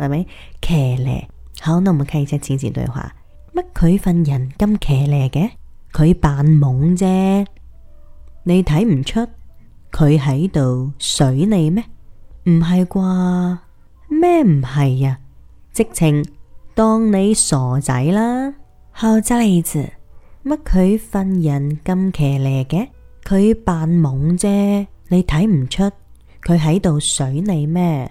係咪騎呢？好，那我們開始即係此前對話。乜佢份人咁騎呢嘅？佢扮懵啫，你睇唔出佢喺度水你咩？唔係啩？咩唔係啊？直情當你傻仔啦。好，就嚟字乜佢份人咁騎呢嘅？佢扮懵啫，你睇唔出佢喺度水你咩？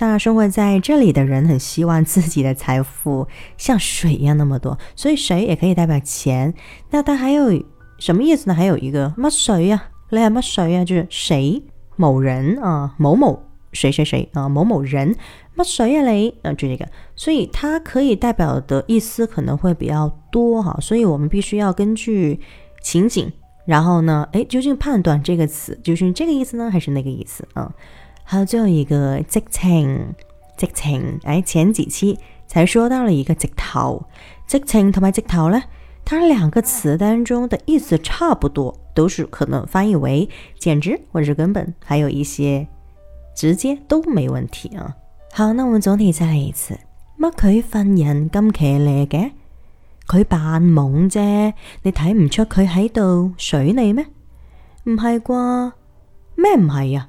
那生活在這裏的人很希望自己的財富像水一樣那麼多，所以水也可以代表錢。那它還有什麼意思呢？還有一個乜水呀？你係乜水呀？就是誰某人啊？某某誰誰誰啊？某某人乜水呀？你啊，就這個。所以它可以代表的意思可能會比較多哈，所以我們必須要根據情景，然後呢，哎，究竟判斷這個詞究竟這個意思呢，還是那個意思啊？好，最後一個直情直情，喺、哎、前幾期就說到了一個直頭，直情同埋直頭呢，佢兩個詞當中的意思差不多，都是可能翻譯為簡直或者根本，還有一些直接都沒有問題啊。好，那我們總體再來一次，乜佢份人咁騎呢嘅？佢扮懵啫，你睇唔出佢喺度水你咩？唔係啩？咩唔係啊？